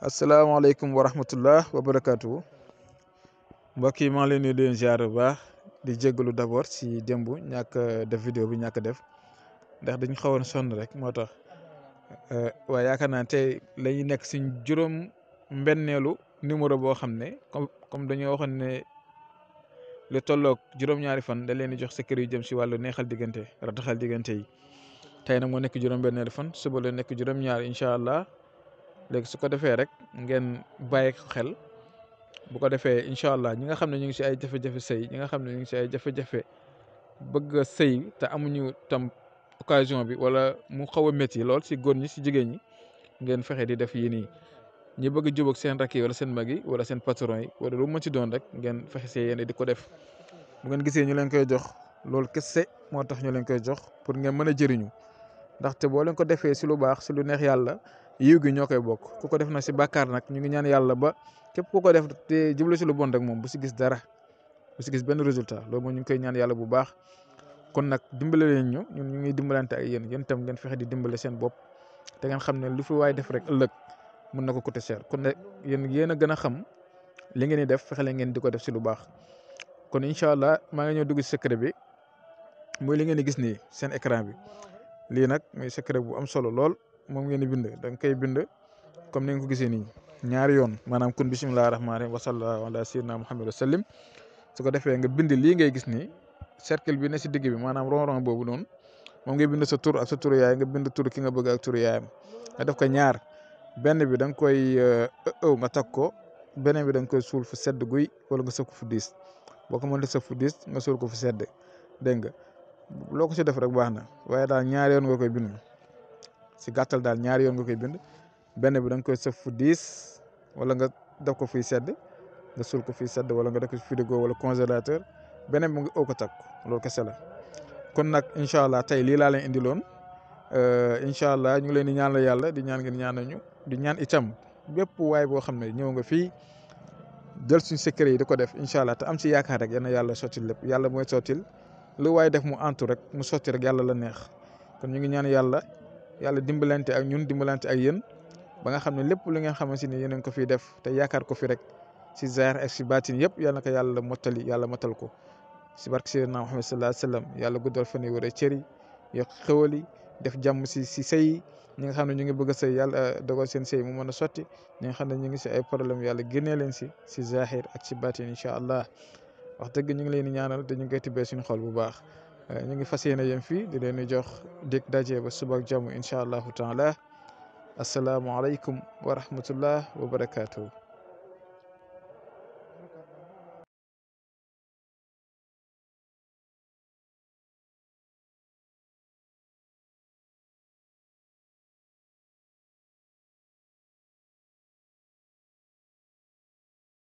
asalaamaaleykum wa rahmatullah wa barakaatu mbokk yi maa ngi leen di leen ziar bu baax di jégalu d' abord si démb ñàkk def video bi ñàkk def ndax dañu xawoon sonn rek moo tax euh, waaye yaakaar naa tey la nekk suñ juróom mbenneelu numéro boo xam ne comme comme dañoo waxoon ne lu tolloog juróom-ñaari fan da leen di jox sa kër yu jëm si wàllu neexal diggante rataxal diggante yi tey na moo nekk juróom-benneelu fan suba la nekk juróom-ñaar incha allah. leg su ko defé rek ngeen baye ko xel bu ko defé inshallah ñi nga xamné ñu ngi ci ay jafe-jafe sey ñi nga xamné ñu ngi ci ay jafe-jafe bëgg sey sëy amuñu tam occasion bi wala mu xawa metti lool ci góor ñi ci jigéen ñi ngeen fexé di def yii nii ñi bëgg jub ak seen rakki wala seen magi wala seen patron yi wala lu ma ci doon rek ngeen fexé sey yene di ko def bu ngeen gisé ñu leen koy jox lool kessé mo tax ñu leen koy jox pour ngeen mëna a jëriñu ndaxte bo leen ko defee ci lu baax ci lu neex yalla yiw gi ñoo koy bokk ku ko def na si bàkkaar nag ñu ngi ñaan yàlla ba képp def te jublu si lu bon rek moom bu si gis dara bu si gis benn résultat loolu moom ñu ngi koy ñaan yàlla bu baax kon nag dimbale leen ñu ñun ñu ngi dimbalante ak yéen yéen tam ngeen fexe di dimbale seen bopp te ngeen xam ne lu fi waay def rek ëllëg mën na ko cher kon ne yéen yéen a gën a xam li ngeen di def fexe di ko def si lu baax kon incha allah maa ngi ñëw dugg si secret bi muy li ngeen di gis nii seen écran bi lii nag muy secret bu am solo lool moom ngeen di bind da nga koy bind comme ni nga ko gisee nii ñaari yoon maanaam kun bisimilah rahmaani rahiim wa sallallahu ala sayyidina muhammad wa sallim su ko defee nga bind lii ngay gis ni cercle bi ne si digg bi maanaam rond-rond boobu noonu moom ngay bind sa tur ak sa turu yaay nga bind tur ki nga bëgg ak turu yaayam nga def ko ñaar benn bi da nga koy ëw uh, uh, nga takk ko beneen bi danga koy suul fu sedd guy wala nga sëf fu diis boo ko mënee sëf fu diis nga suul ko fu sedd dégg nga loo ko si def rek baax na waaye daal ñaari yoon nga koy bind. si gàttal daal ñaari yoon nga koy bind benn bi da nga koy sëf fu diis wala nga def ko fii sedd nga suul ko fuy sedd wala nga def ko frigo wala congélateur beneen bi mu ko takk loolu kese la. kon nag incha allah tey lii laa leen indiloon euh, incha allah ñu ngi leen di ñaanal yàlla di ñaan ngeen ñaanal ñu di ñaan itam bépp waay boo xam ne ñëw nga fii jël suñu secret yi di ko def incha allah te am si yaakaar rek yal na yàlla sottil lépp yàlla mooy sottil lu waay def mu antu rek mu sotti rek yàlla la neex kon ñu ngi ñaan yàlla. yàlla dimbalante ak ñun dimbalante ak yéen ba nga xam ne lépp lu ngeen xamante ni yéen ko fi def te yaakaar ko fi rek si zahir ak si baatin yëpp yal naka ko yàlla mottali yàlla motal ko si barke Seydina Muhammad sallallahu alayhi wa sallam yàlla guddal fan yu wëree ya yi yokk xéwal def jàmm si si sëy ñi nga xam ne ñu ngi bëgg a sëy yàlla eh, dogal seen sëy mu mën a sotti ñi nga xam ñu ngi si ay problème yàlla génnee leen si si zahir ak si baatin incha allah wax dëgg ñu ngi leen di ñaanal te ñu ngi koy tibbee suñu xol bu baax Eh, ñu ngi fasiyene yeen fi di leen jox dig daje ba suba ak jamm inshallah allahu assalamu alaykum wa rahmatullah wa barakatuh